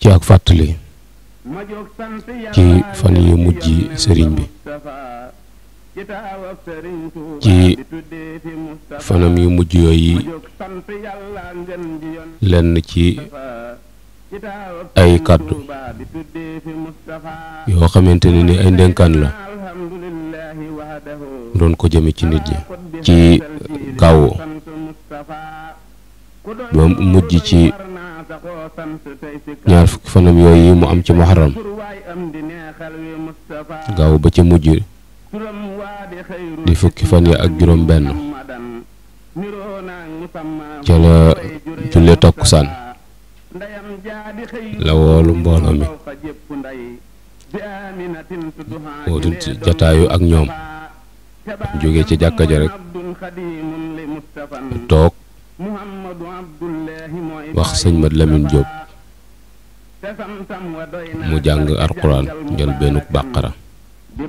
ci ak fàttali ci fan yu mujj sëriñ bi ci fanam yu mujj yooyu lenn ci ay kàddu yoo xamante ne ni ay ndénkaan la doon ko jëme ci nit ñi ci kaw ba mujj ci ñaar fukki fanam yooyu mu am ci muharram gaaw ba ci mujj di fukki fan yi ak juróom benn ca la julli takkusaan la woolu mbooloo mi wootu ci ak ñoom jóge ci jàkka ja rek toog wax sëñ Mat Lamin Jóob mu jàng alxuraan jël benn bàqara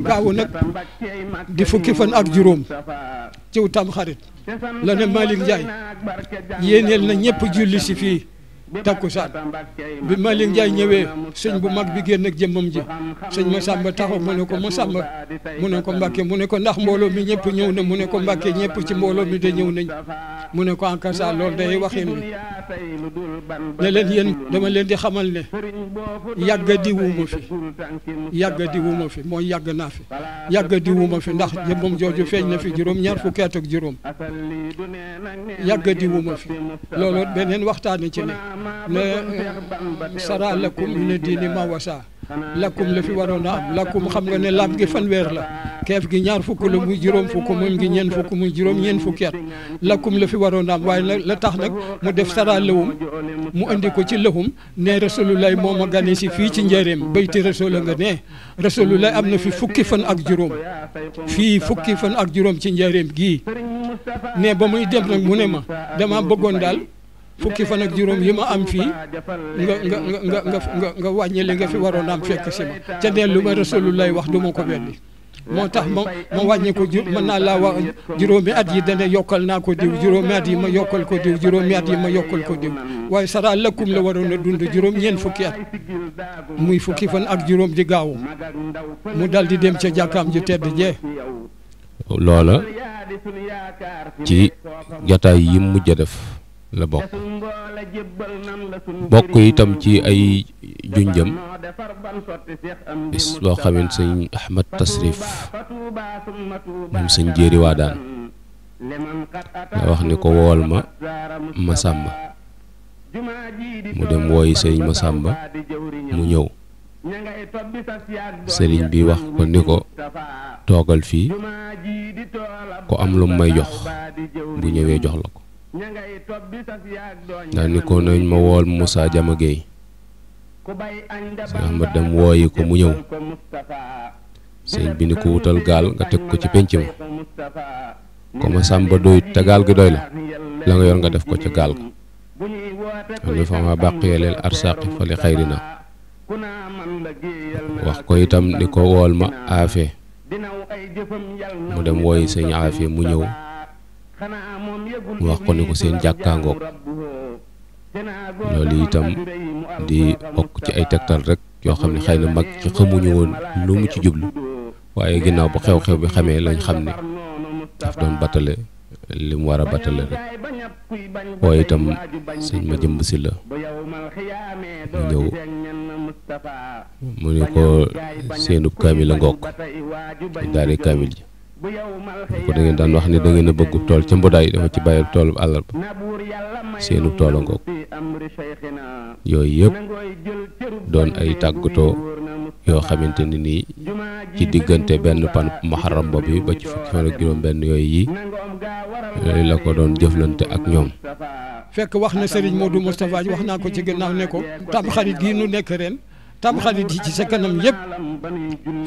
gaaw nag di fukki fan ak juróom ciw tam xarit la ne Malick Ndiaye yéeneel na ñëpp julli si fii takkusaan bi Malick Ndiaye ñëwee sëñ bu mag bi génn ak jëmmam ji sëñ Masamba taxaw mu ne ko ma Masamba mu ne ko Mbàkke mu ne ko ndax mbooloo mi ñëpp ñëw na mu ne ko Mbàkke ñëpp ci mbooloo mi de ñëw nañ mu ne ko encasa loolu day waxin bi ne leen yéen dama leen di xamal ne yàgga di wuma fi yàgga di wuma fi mooy yàgg naa fi yàgga di wuma fi ndax jëmmam jooju feeñ na fi juróom ñaar fukki at ak juróom yàgga di wuma fi loolu beneen waxtaane ci ne ne sara lakum mina diini ma wasa lakum la fi waroon a am lakum xam nga ne laam gi fanweer la keef gi ñaar fukk la muy juróom fukk moom gi ñeen fukk muy juróom ñeen fukki at lakum la fi waroon a am waaye nag la tax nag mu def sara lawum mu andi ko ci lëhum ne rasulullah moo gane si fii ci njëreem bayti rasul nga ne rasulullah am fi fukki fan ak juróom fii fukki fan ak juróom ci njëreem gii ne ba muy dem nag mu ne ma dama bëggoon daal fukki fan ak juróom yi ma am fii nga nga nga nga nga nga wàññi li nga fi waroon am fekk si ma te ne lu ma rasulullah wax du ma ko weddi moo tax ma ma wàññi ko mën naa laa wax juróomi at yi dana yokkal naa ko diw juróomi at yi ma yokkal ko diw juróomi at yi ma yokkal ko diw waaye sara lëkkum la waroon a dund juróom ñeent fukki at muy fukki fan ak juróom di gaawu mu dal di dem ca jàkkaam ju tedd jee loola ci jataay yi mujj a def la bokk bokk itam ci ay junjëm bis boo xamee sëñ Ahmad Tasrif moom sëñ jéeri waa daan nga wax ni ko wool ma Masamba mu dem wooyi sëriñ Masamba mu ñëw sëriñ bi wax ko ni ko toogal fii ko am lu may jox bu ñëwee jox la ko ndax ni ko nañ ma wool Moussa Diama Gueye sëñ Ahmad dem wooyi ko mu ñëw sëñ bi ni ko wutal gaal nga teg ko ci penc ma ko ma sàmba doyut te gaal gi doy la la nga yor nga def ko ca gaal ga am na fa ma bàqee leel arsaqi fali xayri na wax ko itam ni ko wool ma aafe mu dem wooyi sëñ aafe mu ñëw wax ko ne ko seen jàkkaangoog loolu itam di bokk ci ay tegtal rek yoo xam ne xëy na mag ci xamuñu woon lu mu ci jublu waaye ginnaaw bu xew-xew bi xamee lañ xam ne daf doon battale li mu war a battale rek waaye itam sëñ ma jëmb si la mu ñëw mu ne ko seenub kaamil a ngoog daari kaamil ji ko da daan wax ni da ngeen a bëggub tool ca mbudaay dafa ci bàyyil toolu àllarba seenub tool a ngoog yooyu yëpp doon ay tàggatoo yoo xamante ni nii ci diggante benn pan muharram boobu ba ci fukki fan juróom benn yooyu yi li la ko doon jëflante ak ñoom fekk wax na Serigne Modou Moustapha wax naa ko ci gannaaw ne ko tam xarit gii nu nekk ren tamxarit yi ci sa kanam yëpp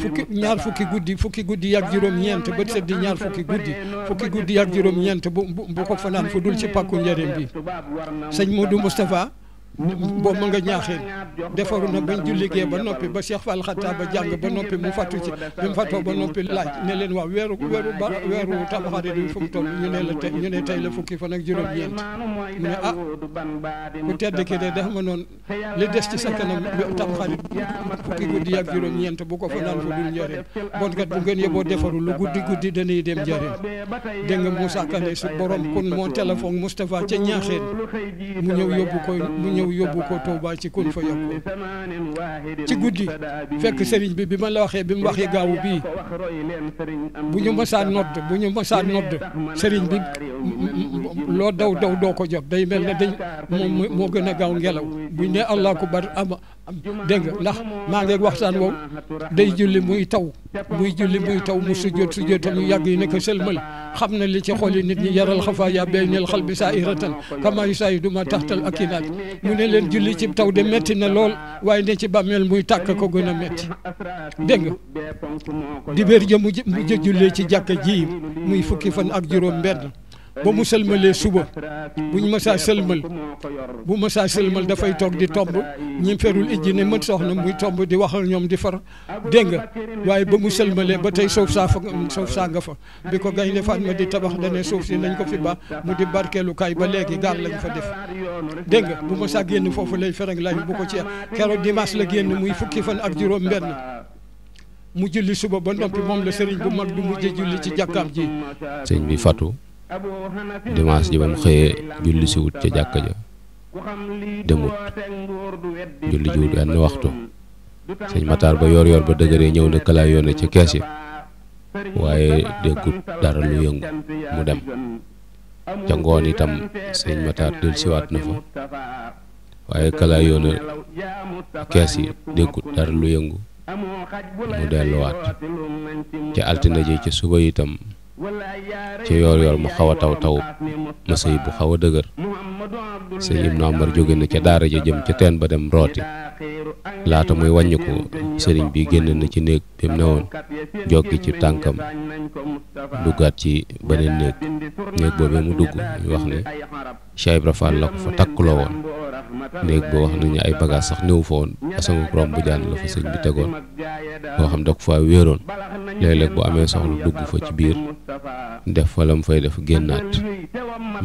fukki ñaar fukki guddi fukki guddi ak juróom-ñeent ba sedd ñaar fukki guddi fukki guddi ak juróom-ñeent bu bu bu ko fanaan fu dul ci pàkku njëriñ bi sëñ Modou Moustapha. boo ma nga ñaaxeen defaru na bañ julli gee ba noppi ba Cheikh Fall Xattaab ba jàng ba noppi mu fattu ci bi fattoo ba noppi laaj ne leen waaw weeru weeru ba weeru tamxarit bi fukki fan ak juróom-ñeent mu ne ah ku tedd ki de def ma noonu li des ci sa kanam tamxarit fukki guddi ak juróom-ñeent bu ko fa naan fu dul njëriñ bon kat bu ngeen yeboo defaru lu guddi guddi dañuy dem njëriñ dégg nga Moussa Kane su moo téléphone Moustapha ca ñaaxeen mu ñëw yóbbu ñëw yóbbu ko Touba ci kun fa yokku ci guddi fekk sëriñ bi bi ma la waxee bi mu waxee gaawu bii bu ñu mësaan nodd bu ñu mësaan nodd sëriñ bi loo daw daw doo ko jot day mel ne dañ moom moo gën a gaaw ngelaw buñ ne allah akbar ama dégg nga ndax maa ngi waxtaan woowu day julli muy taw muy julli muy taw mu sujjóot sujjóotam yu yàgg yi nekk sëlmal xam na li ci xooli nit ñi yaral xafa yaa béy nel xal bi saa iratan kama yu saa yi duma taxtal ak inaaj mu ne leen julli ci taw de metti na lool waaye ne ci bàmmeel muy tàkk ko gën a metti dégg nga dibéer ja mu jë jullee ci jàkka ji muy fukki fan ak juróom benn ba mu sëlmalee suba buñ mësaa sëlmal bu mësaa sëlmal dafay toog di tomb ñi ferul ijji ne mën soxna muy tomb di wax ñoom di far dégg nga waaye ba mu sëlmalee ba tey suuf saa fa suuf nga fa bi ko gaynde Fatma di tabax dane suuf si nañ ko fi baax mu di barkeelukaay ba léegi gaar lañ fa def dégg nga bu mësaa génn foofu lay fereng lañ bu ko ci keroog dimanche la génn muy fukki fan ak juróom benn mu julli suba ba noppi moom la sëriñ bu mag du mujj julli ci jàkkaam ji sëñ bi dimanche ji ba mu xëyee julli si ca jàkka ja demut julli ji wut waxtu sëñ Matar ba yor yor ba dëgëree ñëw na kalaay yoone ca kees yi waaye déggut dara lu yëngu mu dem ca ngoon itam sëñ Matar dellusiwaat na fa waaye kalaay yoone kees yi déggut dara lu yëngu mu delluwaat ca altine ji ca suba itam ci yoor yoor mu xaw a taw taw masayib bu xaw a dëgër sëñ Ibnu Amar jóge na ca daara ja jëm ca teen ba dem rooti laata muy wàññi ko sëriñ bi génn na ci néeg bi mu newoon joggi ci tànkam duggaat ci beneen néeg néeg boobee mu dugg ñu wax ne Cheikh Ibra Fall la ko fa takkuloo woon néeg ba wax nañu ay bagage sax néew fa woon asangu romb bu jaan la fa sëñ bi tegoon boo xam da ko fa wéeroon léeg-léeg bu amee soxla dugg fa ci biir def fa mu fay def génnaat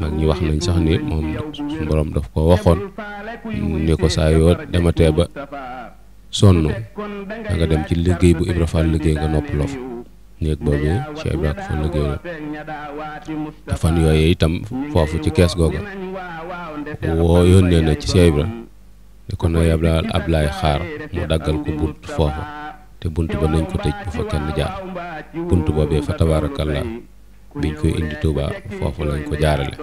mag ñi wax nañ sax ni moom suñu borom daf ko waxoon ni ko saa yoo dematee ba sonn da dem ci liggéey bu Ibra Fall liggéey nga nopp loo fa néeg boobu Cheikh Ibrahima fa liggéey te fan yooyu itam foofu ci kees googu woo yónnee na ci Cheikh Ibrahima ne ko nooy ablaal ablaay xaar mu daggal ko bunt foofu te bunt ba nañ ko tëj bu fa kenn jaar bunt boobee fa tabaarakallaa biñ koy indi Touba foofu lañ ko jaarale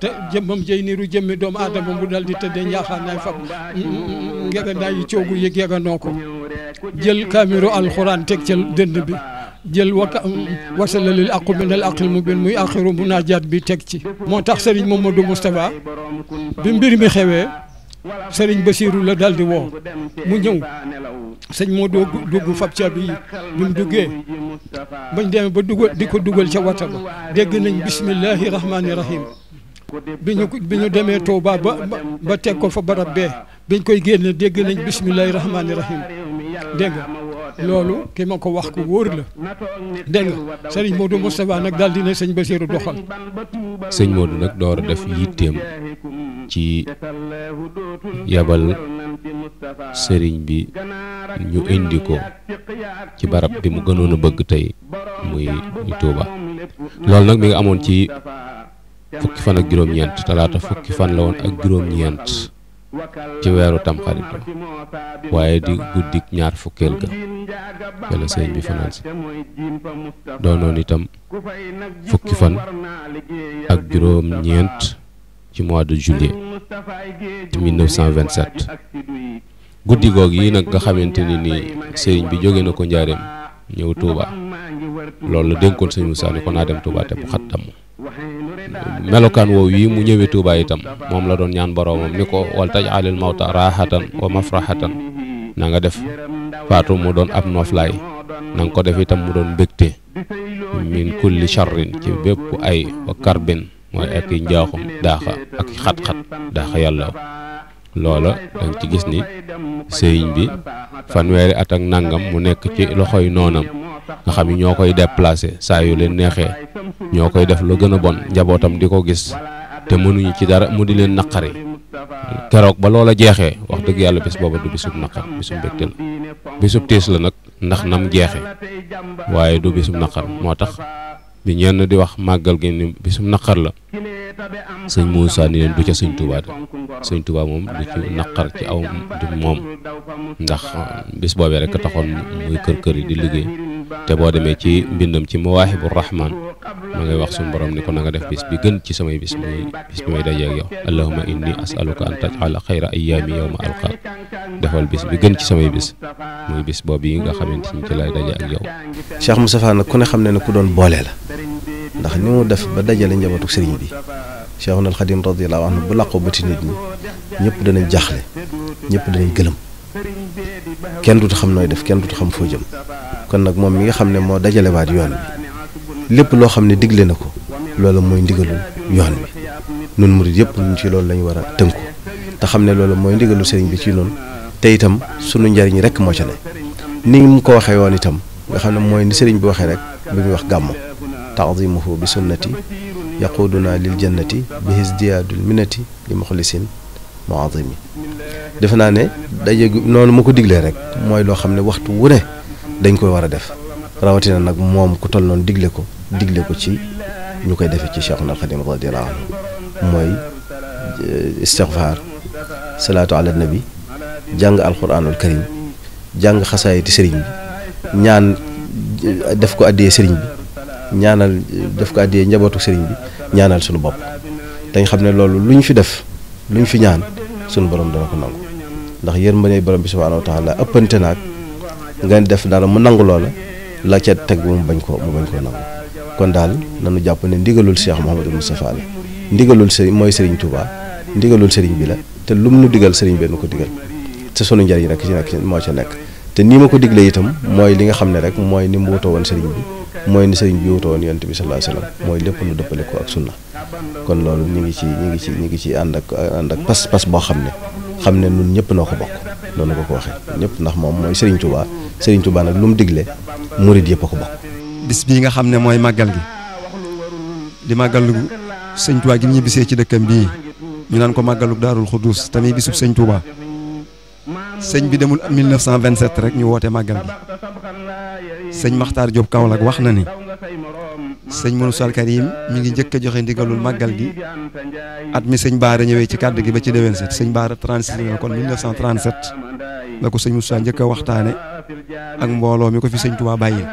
te jëmmam jëy niru jëmmi doomu aadama mu dal di tëddee njaaxaan fab ngegandaay coogu yi geganoo ko jël kaamiru alxuraan teg ca dënd bi jël waka wasala lil aqu min al aqil mubin muy axiru munaajaat bi teg ci moo tax sëriñ moom Mamadou Moustapha bi mbir mi xewee sëriñ Basiiru la daldi woo mu ñëw sëñ moo doo dugg fab caabi yi bi mu duggee bañ demee ba dugal di ko dugal ca wata ba dégg nañ bismillahi rahmaani rahim bi ñu bi ñu demee Touba ba ba teg ko fa barab bee biñ koy génne dégg nañ bismillahi rahmaani rahim dégg nga loolu ki ma ko wax ku wóor la dégg nga sëriñ Modou Moustapha nag daal dina sëñ ba doxal sëñ Modou nag door a def yitteem ci yabal sëriñ bi ñu indi ko ci barab bi mu gënoon a bëgg tey muy Touba loolu nag mi nga amoon ci fukki fan ak juróom-ñeent talaata fukki fan la woon ak juróom-ñeent ci weeru tamxarit la waaye di guddik ñaar fukkeel ga ca la sëriñ bi fanaan si doonoon itam fukki fan ak juróom ñeent ci mois de juillet ci 1927 guddi goog yi nag nga xamante ni ni sëriñ bi jóge na ko njaareem ñëw Touba loolu la dénkoon sëñ Moussa ni ko naa dem Touba te bu xat damm melokaan woow yi mu ñëwee tuubaay itam moom la doon ñaan boroomam ni ko wal taj alil mawta raahatan wa mafrahatan na def faatu mu doon ab nooflaay na ko def itam mu doon mbégte min kulli charrin ci bépp ay wa karbin mooy ak njaaxum daaxa ak xat-xat daaxa yàlla loola da nga ci gis ni sëriñ bi fanweeri at ak nangam mu nekk ci loxoy noonam nga xam ni ñoo koy saa yu leen neexee ñoo koy def lu gën bon njabootam di ko gis te mënuñu ci dara mu di leen naqari keroog ba loola jeexee wax dëgg yàlla bis booba du bisub naqar bisub mbégte la bisub tiis la nag ndax nam jeexe waaye du bisub naqar moo tax bi ñenn di wax màggal gi ni bisub naqar la sëñ Moussa ni leen du ca sëñ Touba de sëñ Touba moom du ci naqar ci aw moom ndax bis boobee rek taxoon muy kër kër di liggéey te boo demee ci mbindam ci mawaahibu rahman ma ngay wax suñu borom ni ko na nga def bis bi gën ci samay bis muy bis bi may dajeeg yow allahuma inni asaluka an tajala xayra ayaami yowma alqaak bi gën ci samay bis muy bis boobu yi nga xamante ni ci lay daje ak yow Cheikh Moustapha nag ku ne xam ne ne ku doon boole la ndax ni mu def ba dajale njabootu sëriñ bi Cheikhul Xadim radiyallahu anhu bu làqoo bëti nit ñi ñëpp danañ jaaxle ñëpp danañ gëlëm kenn dutu xam nooy def kenn dutu xam foo jëm kon nag moom mi nga xam ne moo dajalewaat yoon bi lépp loo xam ne digle na ko loolu ndigalul yoon bi nun murit yëpp ñun ci loolu lañu war a tënku te xam ne loolu mooy bi ci noonu te itam sunu njariñ rek moo ca ne ni mu ko waxee woon itam nga xam ne ni sëriñ bi waxee rek bi wax gàmm taadimuhu bi sunnati yaquduna lil jannati bi hisdiyaadul minati li muxlisin muadimi defe naa ne daje noonu ma ko diglee rek mooy loo xam ne waxtu wu ne dañ koy war a def rawatina nag moom ku toll noonu digle ko digle ko ci ñu koy defee ci Cheikhul Khadim radiyallahu anhu mooy eh, istixfaar salaatu ala nabi jàng alquranul karim jàng xasaayiti sëriñ bi ñaan eh, def ko addiyee sëriñ bi ñaanal eh, def ko addiyee njabootu sëriñ bi ñaanal suñu bopp dañ xam ne loolu lu ñu fi def lu ñu fi ñaan sunu borom dana ko nangu ndax yërmande borom bi subhaanahu wa la ëppante naag nga def dara mu nangu loola la ca teg mu bañ ko mu bañ koo nangu kon daal nañu jàpp ne ndigalul Cheikh Mouhamadou Moustapha la ndigalul sëriñ mooy seriñ Touba ndigalul sëriñ bi la te lum nu digal sëriñ bi nu ko digal te sunu njëriñ rek ci nekk moo ca nekk te nii ma ko diglee itam mooy li nga xam ne rek mooy ni mu wutoo woon sëriñ bi mooy ni sëriñ bi wutoon yonent bi sallallahu alayhi wasallam mooy lépp lu dëppale ko ak sunna kon loolu ñu ngi ci ñu ngi ci ñu ngi ci ànd ak ànd ak pas pas boo xam ne xam ne nun ñëpp noo ko bokk noonu nga ko waxee ñëpp ndax moom mooy sëriñ Touba sëriñ Touba nag lu mu digle murid yëpp a ko bokk. bis bii nga xam ne mooy màggal gi di màggalu sëñ Touba gi ñu bisee ci dëkkam bii ñu naan ko màggalu Daarul Xuddus tamit bisub sëñ Touba. sëñ bi demul vingt 1927 rek ñu woote màggal gi sëñ Makhtar Diop Kaolack wax na ni sëñ Moussa Karim mi ngi njëkk a joxe ndigalul màggal gi at mi sëñ Baara ñëwee ci kàdd gi ba ci déwén set sëñ Baara 36 la kon 1937 la ko sëñ Moussa njëkk a waxtaane ak mbooloo mi ko fi sëñ Touba bàyyi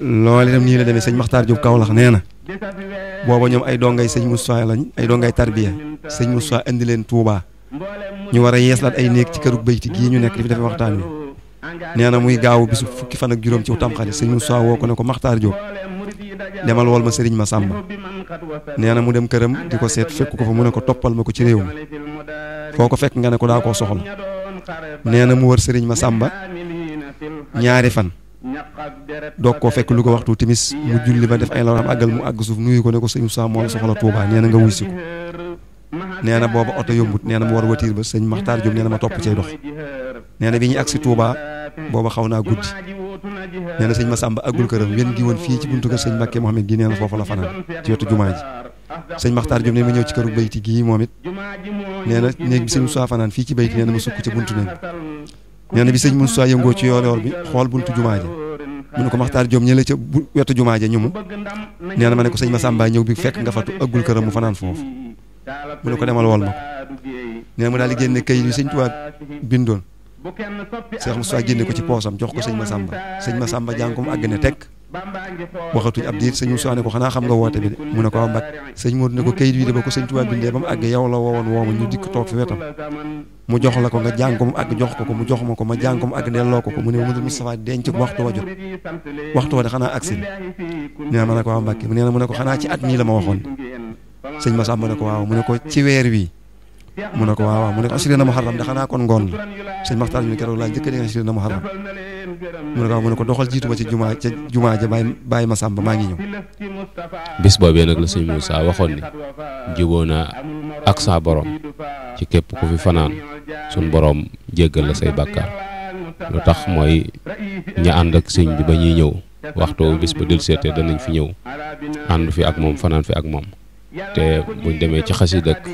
loolu itam nii la demee sëñ Makhtar Diop kawlax nee na booba ñoom ay dongay sëñ Moussa lañ ay dongay tarbiya sëñ Moussa indi leen Touba. ñu war a yeeslaat ay néeg ci kërug bayti gii ñu nekk di fi muy gaaw bisu fukki fan ak juróom ci tamxarit sëñ Moussa woo ko ne ko masamba. Diop demal wol ma sëriñ ma Sàmba nee mu dem këram di ko seet fekk ko fa mu ne ko toppal ma ko ci réew mi fekk nga ne ko daa koo soxla nee mu wër ma ñaari fan fekk lu ko waxtu timis mu julli ba def ay lawraam àggal mu àgg suuf nuyu ko ne ko sëñ Moussa moo soxla Touba nga wuy ko nee na booba oto yombut nee na mu war watiir ba sëñ Maxtaar Jóob nee ma topp cay dox nee na bi ñuy agsi Touba booba xaw naa guddi nee na sëñ Masamba àggul këram wen gi woon fii ci buntu kër sëñ Mbàkke Mohamed gi nee na foofu la fanaan ci wetu jumaa ji sëñ Maxtaar Jóob ma ñëw ci këru bayti gii moom it nee na néeg bi sëñ Moussa fanaan fii ci bayti nee na ma sukk buntu néeg nee na bi sëñ Moussa yëngoo ci yoor-yoor bi xool buntu jumaa ji mu ne ko Maxtaar Jóob ñële ca wetu jumaa ja ñu mu nee na ma ne ko sëñ Masamba ñëw bi fekk nga fatu àggul këram mu fanaan foofu mu ne ko demal woon ma ko nee mu daal di génne kayit bi sëñ Tuubaa bindoon Seex Mustafaa génne ko ci poosam jox ko sëñ Masamba sëñ Masamba jàng ko mu àgg ne ab diir sëñ Mustafaa ne ko xanaa xam nga woote bi de mu ko am ah, mbag sëñ Moodu ne ko kayit wi de ko sëñ Tuubaa bindee ba mu yow la woowoon wooma ñu dikk toog fi mu jox la ko nga jàng ko jox ko ko mu jox ma ko ma jàng ko mu àgg ko ko mu ne Mamadu Mustafaa denc ko waxtu wa jot waxtu wa de xanaa agsi nee na ma ne ko am ah, mbàkke nee na mu ne ko xanaa ci at mii la ma waxoon señ Massa mu ne ko waaw mu ne ko ci weer wi mu ne ko waaw waaw mu ne ko asirina muharram da xana kon ngoon señ sëñ tan ñu kéro la laa njëkk muharram mu ne ko mu ne ko doxal jitu ma ci juma ci juma ja bay bay ma ma ngi bis nak la señ Moussa waxon ni jibona ak sa borom ci képp ku fi fanan sun borom jéggal la say bàkkaar lu tax mooy ña and ak señ bi ba ñi ñew waxto bis ba dul seete danañ fi ñew and fi ak mom fanan fi ak mom te buñ demee ci xasida ak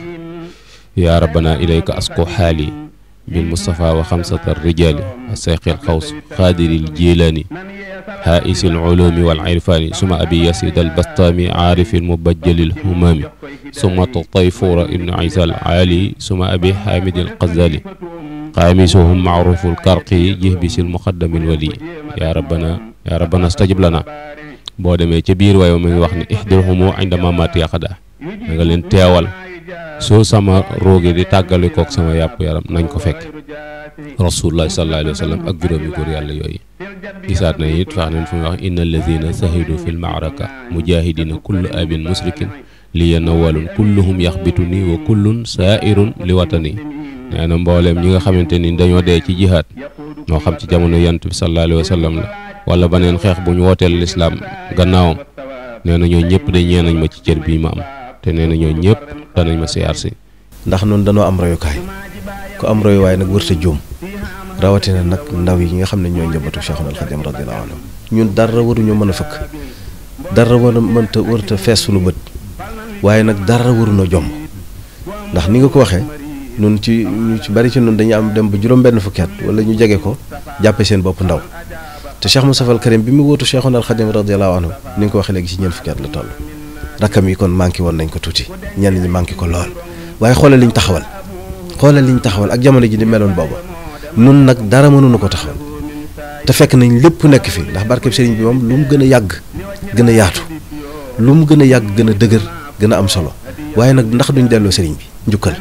yaa rabbana ilayka asku xaali bil mustafa wa xamsata rijaali asayqi al xaws xaadiri al jilaani haa'isi al ulumi wal irfaani suma abi yasid al bastaami aarifi al mubajjali al humaami suma tayfura ibnu isa al aali suma abi xaamid al qazali qaamisuhum maarufu al karqi jihbisi al muqaddami al wali yaa rabbana yaa rabbana stajib lana boo demee ca biir waaye mi ngi wax ne ihdirhumu inda mamaati yaqada na leen teewal soo sama roogi di tàggale kook sama yàpp yaram nañ ko fekk rasulullah sallallahu alayhi wa sallam ak juróomi góor yàlla yooyu gisaat na it faax nañ fi mu wax inna allazina sahidu fi lmaaraka mujahidina kullu abin musrikin liya nawalun kulluhum yaxbitu ni wa kullun saairun li watani nee na mbooleem ñi nga xamante ni dañoo dee ci jihaad moo xam ci jamono yant bi sallallahu alayhi wa sallam wala baneen xeex bu ñu wooteel lislaam gannaawam nee na ñoo ñëpp de bii ma te nee na ñooñu ñëpp danañ ma siyaar si. ndax noonu danoo am royukaay ku am royuwaay nag wërta juum rawatina nag ndaw yi nga xam ne ñooy njabootu Cheikhul Khadim radiyallahu anhu ñun dara waruñu mën a fëkk dara war mën mënta wërta fees lu bët waaye nag dara waruñoo jomb ndax ni nga ko waxee ñun ci ñu ci bari ci ñun dañuy am dem ba juróom-benn fukki at ñu jege ko jàppe seen bopp ndaw te Cheikh Moustapha al Karim bi mu wóotu Cheikhul Khadim radiyallahu anhu la toll. rakkam yi kon manqué woon nañ ko tuuti ñenn ñi manqué ko lool waaye xoolal liñ taxawal xoolal liñ taxawal ak jamono ji ni meloon booba nun nag dara mënuñu ko taxawal te fekk nañ lépp nekk fi ndax barkeb sëriñ bi moom lu mu gën a yàgg gën a yaatu lu mu gën a yàgg gën a dëgër gën a am solo waaye nag ndax duñu delloo sëriñ bi njukkal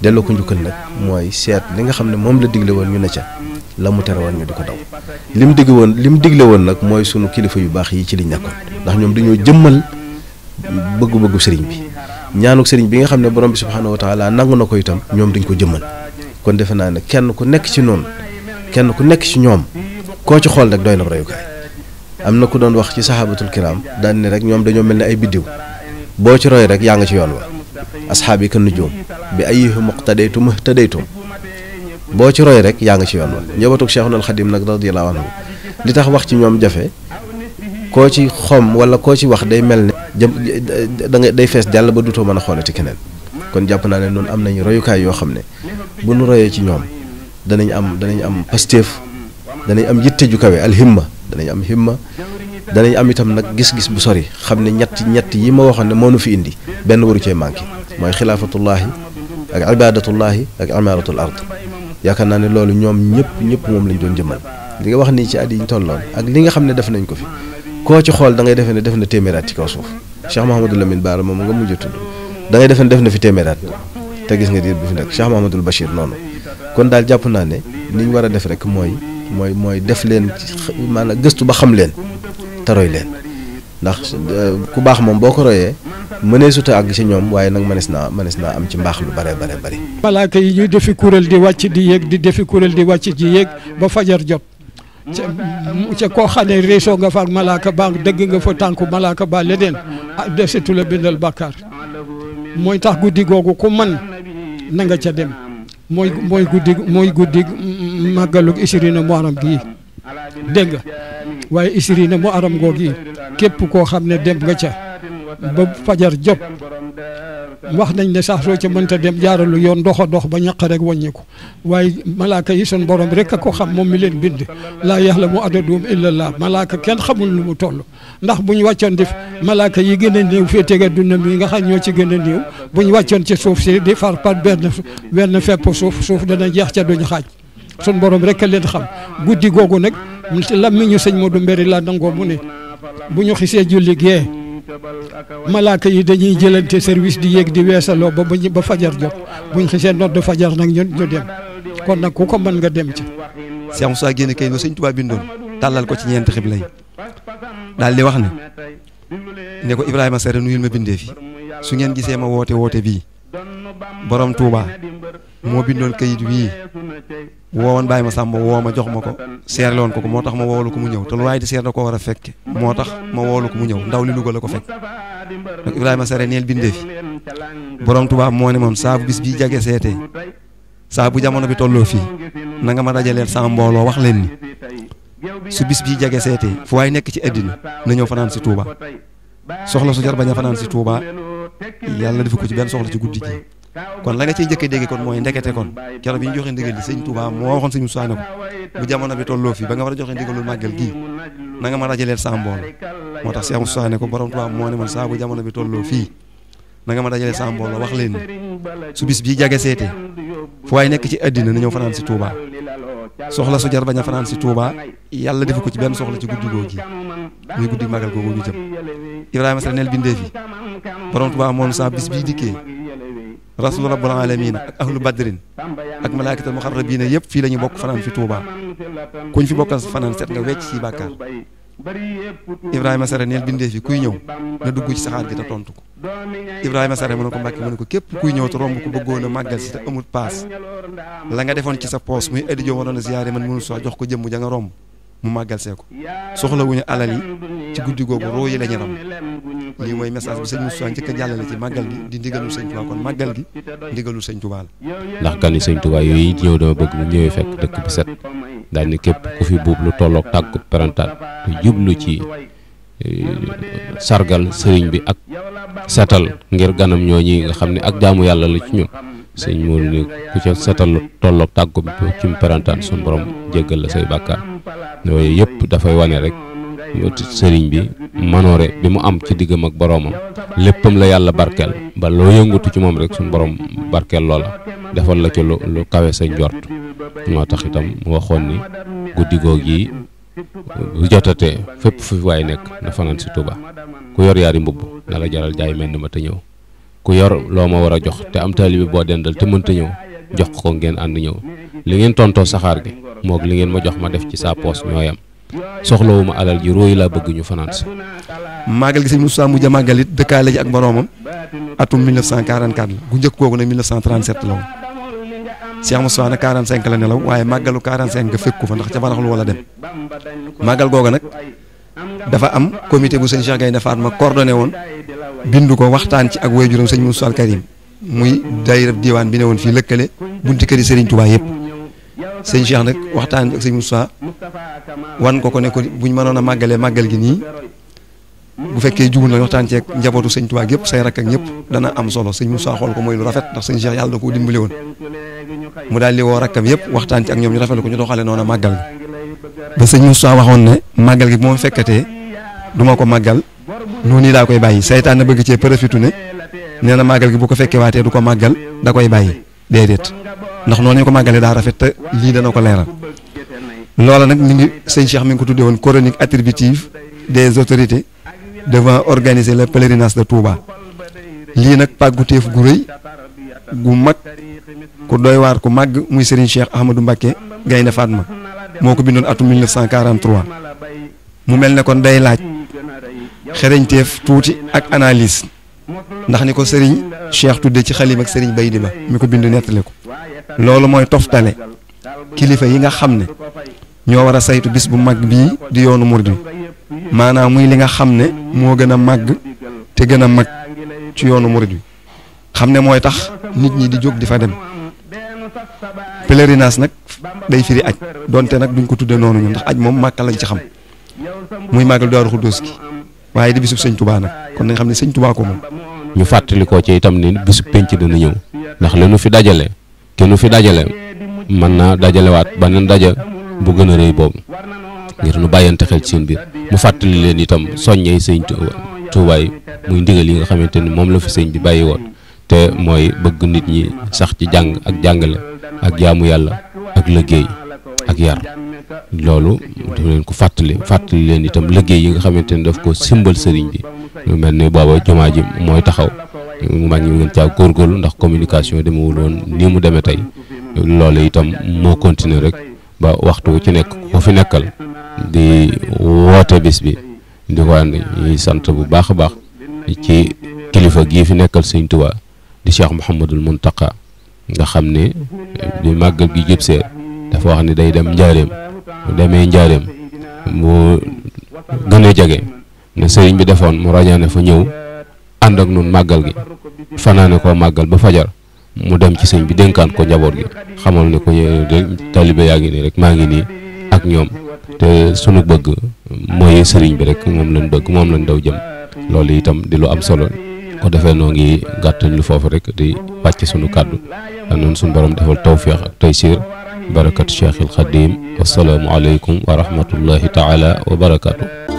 delloo ko njukkal nag mooy seet li nga xam ne moom la digle woon ñu ne ca la mu tere woon ñu di ko daw lim digle woon lim digle woon nag mooy sunu kilifa yu baax yi ci liñ nekkoon bëggu-bëggu sëriñ bi ñaanuk sëriñ bi nga xam ne borom bi subhaanahu wa taala nangu na ko itam ñoom dañ ko jëmmal kon defe naa ne kenn ku nekk ci noonu kenn ku nekk ci ñoom koo ci xool rek doy na royukaay am na ku doon wax ci saxaabatul kiraam daan ne rek ñoom dañoo mel ne ay biddiw boo ci roy rek yaa nga ci yoon wa asxaab yi kan nujuum bi ayyihim iqtadaytum ihtadaytum boo ci roy rek yaa ngi ci yoon wa njabootuk Cheikhul Xadim nag radiyallahu anhu li tax wax ci ñoom jafe koo ci xom wala koo ci wax day mel ne jëm danga day fees jàll ba dutoo mën a xoolati keneen kon jàpp naa ne noonu am nañu royukaay yoo xam ne bu nu royee ci ñoom danañ am danañ am pasteef danañ am yitte ju kawe alhimma danañ am himma danañ am itam nag gis-gis bu sori xam ne ñett ñett yi ma waxoon ne moo nu fi indi benn waru cee manqué mooy xilaafatullaahi ak ibaadatullaahi ak imaaratul ard yaakaar naa ne loolu ñoom ñëpp ñëpp moom lañ doon jëmmal li nga wax nii ci at yi ñu tolloon ak li nga xam ne def nañ ko fi koo ci xool dangay ngay defee ne def na téeméeraat ci kaw suuf Cheikh Mouhamadul Lamine Baara moom nga mujj tudd da ngay defee ne def na fi téeméeraat te gis nga diir bi fi nekk Cheikh Mouhamadul Bachir noonu kon daal jàpp naa ne ni war a def rek mooy mooy mooy def leen maanaam gëstu ba xam leen te roy leen ndax euh, ku baax moom boo ko royee mënee suta àgg ci ñoom waaye nag mënees naa mënees naa am ci mbaax lu bare bare bari malaaka yi ñuy defi kuréel di wàcc di yéeg di defi kuréel di wàcc di yéeg ba fajar jot ca koo xam ne réesoo nga fa ak malaaka ba dëgg nga fa tànku malaaka ba leneen ah desitu la bindal bàkkaar mooy tax guddi googu ku man na nga ca dem mooy mooy guddi mooy guddi màggalug isirina muharam gii dégg nga waaye isirina muharam googu képp koo xam ne dem nga ca ba fajar jot wax nañ ne sax soo ca mënta dem jaaralu yoon doxa dox ba ñaq rek wàññiku waaye malaaka yi sun borom rek a ko xam moom mi leen bind laa yaxlamu adadum illallah malaaka kenn xamul lu mu toll ndax bu ñu wàccoon def malaaka yi gën a néew féetee ak dund mi nga xam ñoo ci gën a néew bu ñu wàccoon ci suuf si di far par benn benn fepp suuf suuf dana jeex ca duñu xaaj sun borom rek a leen xam guddi googu nag lammiñu sëñ Modou Mbéri laa nangoo mu ne ñu xisee julli gee malaaka yi dañuy jëlante service di yéeg di weesaloo ba ba fajar jot buñ xisee nodd fajar nag ñu ñu dem kon nag ku ko mën nga dem ci Cheikh Moussa génne kay ba sëñ Tuubaa bindoon tàllal ko ci ñeenti xibla yi daal di wax ne ne ko Ibrahima Sare nuyul ma bindee fi su ngeen gisee ma woote woote bii borom Touba moo bindoon kayit wii woowoon bàyyi ma sàmm woo ma jox ma ko seerloon ko ko moo tax ma woolu ko mu ñëw te lu waaye di seer da ko war a fekk moo tax ma woolu ko mu ñëw ndaw li Louga la ko fekk donc Ibrahima Sare neel bindee fi borom tubaab moo ne moom saa bu bis bii jage seetee saa bu jamono bi tolloo fii na nga ma dajaleel sama mbooloo wax leen ni su bis bii jage seetee fu waay nekk ci àddina na ñëw fanaan si Touba soxla su jar bañ a fanaan si Touba yàlla defu ci benn soxla ci guddi kon la nga ciy njëkk a dégg kon mooy ndekete kon keroog bi ñu joxe ndigal li sëñ Touba moo waxoon sëñ Moussa ne ko bu jamono bi tolloo fi ba nga war a joxe ndigalul màggal gii na nga ma dajaleel sa mbooloo moo tax Cheikh Moussa ne ko borom Touba moo ne man saa bu jamono bi tolloo na nga ma dajaleel sa mbooloo wax leen su bis bii jage seetee fu waay nekk ci àddina na ñëw fanaan si Touba soxla su jar bañ a fanaan si Touba yalla defu ko ci benn soxla ci guddi googu ji muy guddi màggal googu ñu jëm Ibrahima Sall neel bindee fi borom Touba moom saa bis bii dikkee rasulu rabbul alamina ak ahlu badrin ak malaakatal muxarrabiina yëpp fii la ñu bokk fanaan fi Touba kuñ fi bokkal fanaan set nga wecc si bàkkaar Ibrahima Sare neel bindee fi kuy ñëw na dugg ci saxaar gi te tontu ko Ibrahima Sare mu ne ko Mbàkke mu ko képp kuy ñëw te romb ko bëggoon a màggal si te amul paas la nga defoon ci sa poos muy addi joo waroon a ziyaare man mënu soo jox ko jëmm ja nga romb mu màggal see ko soxlawuñu alal yi ci guddi googu roo yi la ñu lii mooy message bi sëñ Moussa njëkk jàllale ci màggal gi di ndigalul sëñ Touba kon màggal gi ndigalul sëñ Touba la. ndax gan yi sëñ yooyu ñëw dama bëgg bu ñëwee fekk dëkk bi set daañu képp ku fi buub lu tolloog tàggu parantaan te jublu ci eh, sargal sëriñ bi ak setal ngir ganam ñooñi nga xam ne ak jaamu yàlla la ci ñun. sëñ Mourou ni ku ca setal lu tolloog tàggu ci parantaan suñu borom jéggal la say bàkkaar. yooyu yëpp dafay wane rek sëriñ bi manoore bi mu am ci diggam ak boroomam léppam la yàlla barkeel ba loo yëngatu ci moom rek suñu borom barkeel loola defal la ci lu lu kawe sa njort moo tax itam mu waxoon ni guddi goog yi bu jotatee fépp fu waay nekk na fanaan si Tuuba ku yor yaari mbubb na la jaral jaay mel ni ma te ñëw ku yor loo ma war a jox te am taalibe boo dendal te mënta ñëw jox ko ngeen and ñew li ngeen tonto saxar gi mok li ngeen ma jox ma def ci sa poste ñoyam soxlawuma alal ji roy la bëgg ñu fanaan sa gi seigne Moussa mu jama galit de dëkkaale ji ak atum 1944 gu ñëk kooku nag 1937 law Cheikh Moussa na 45 la nelaw waye magalu 45 ga fekku fa ndax ci baraxlu wala dem magal googa nak dafa am comité bu seigne Cheikh Gaynde Fatma coordonné won bindu ko waxtaan ci ak waajuram seigne Moussa Al Karim muy daayira diwaan bi ne woon fii lëkkale bunti kër yi sëriñ Touba yëpp sëñ Cheikh nag waxtaan ak sëñ Moussa wan ko ko ne ko buñ mënoon a màggalee màggal gi nii bu fekkee jugul na waxtaan ceeg njabootu sëñ Touba yëpp say rakk ak ñëpp dana am solo sëñ Moussa xool ko mooy lu rafet ndax sëñ Cheikh yàlla da koo dimbale woon mu daal di woo rakkam yëpp waxtaan ci ak ñoom ñu rafetlu ko ñu doxale noonu màggal gi ba sëñ Moussa waxoon ne màggal gi bu ma fekkatee ma ko màggal noonu daa koy bàyyi saytaan bëgg cee profité ne nee na màggal gi bu ko fekkee waatee du ko màggal da koy bàyyi déedéet ndax noonu ko màggalee daa rafet te lii dana ko leeral loola nag mi ngi sëñ Cheikh mi ngi ko tuddee woon chronique attributive des autorités devant organiser le pèlerinage de Touba lii nag pàgguteef gu rëy gu mag ku doy waar ku màgg muy Serigne Cheikh Ahmadou Mbacké Gaynde ma moo ko bindoon atum 1943 mu mel ne kon day laaj xereñteef tuuti ak analyse ndax ni ko sëriñ Cheikh tudde ci xalim ak sëriñ bay di Ba mi ko bind nettali ko loolu mooy toftale kilifa yi nga xam ne ñoo war a saytu bis bu mag bii di yoonu murid maanaam muy li nga xam ne moo gën a màgg te gën a mag ci yoonu murid wi xam ne mooy tax nit ñi di jóg di fa dem pèlerinage nag day firi aj donte nag duñ ko tudde noonu ñu ndax aj moom màkka lañ ci xam muy màggal Daaru Xudoos gi waaye di bisub sëñ Touba nag kon nañ xam ne sëñ Touba ko moom. ñu fàttali ko ci itam ni bisub penc dana ñëw ndax li nu fi dajale te nu fi dajale mën naa dajalewaat beneen daja bu gën a rëy boobu ngir nu bàyyante xel ci seen biir mu fàttali leen itam soññey sëñ Touba yi muy ndigal yi nga xamante ni moom la fi sëñ bi bàyyi woon te mooy bëgg nit ñi sax ci jàng ak jàngale ak jaamu yàlla ak liggéey ak yar loolu daf leen ko fàttali fàttali leen itam liggéey yi nga xamante ne daf ko simbal sëriñ bi lu mel ni booba jumaa ji mooy taxaw mag ñi ngeen ndax communication demewul woon ni mu demee tey loolu itam moo continuer rek ba waxtu wu ci nekk ku fi nekkal di woote bis bi di ko ànd ñuy sant bu baax a baax ci kilifa gii fi nekkal sëñ Tuubaa di Cheikh mun Mountakha nga xam ne bi màggal gi jëbsee dafa wax ni day dem njaareem bu demee njaareem mu gën a jege ne sëriñ bi defoon mu rajaane fa ñëw ànd ak nun màggal gi fanaane ko màggal ba fajar mu dem ci sëñ bi dénkaan ko njaboot gi xamal ne ko taalibe yaa ngi nii rek maa ngi nii ak ñoom te sunu bëgg mooy sëriñ bi rek moom lañ bëgg moom lañ daw jëm loolu itam di lu am solo ko defee noo ngi gàttañ lu foofu rek di wàcc sunu kàddu ak noonu sunu borom defal tawféex ak taysiir بركة الشيخ القديم والسلام عليكم ورحمة الله تعالى وبركاته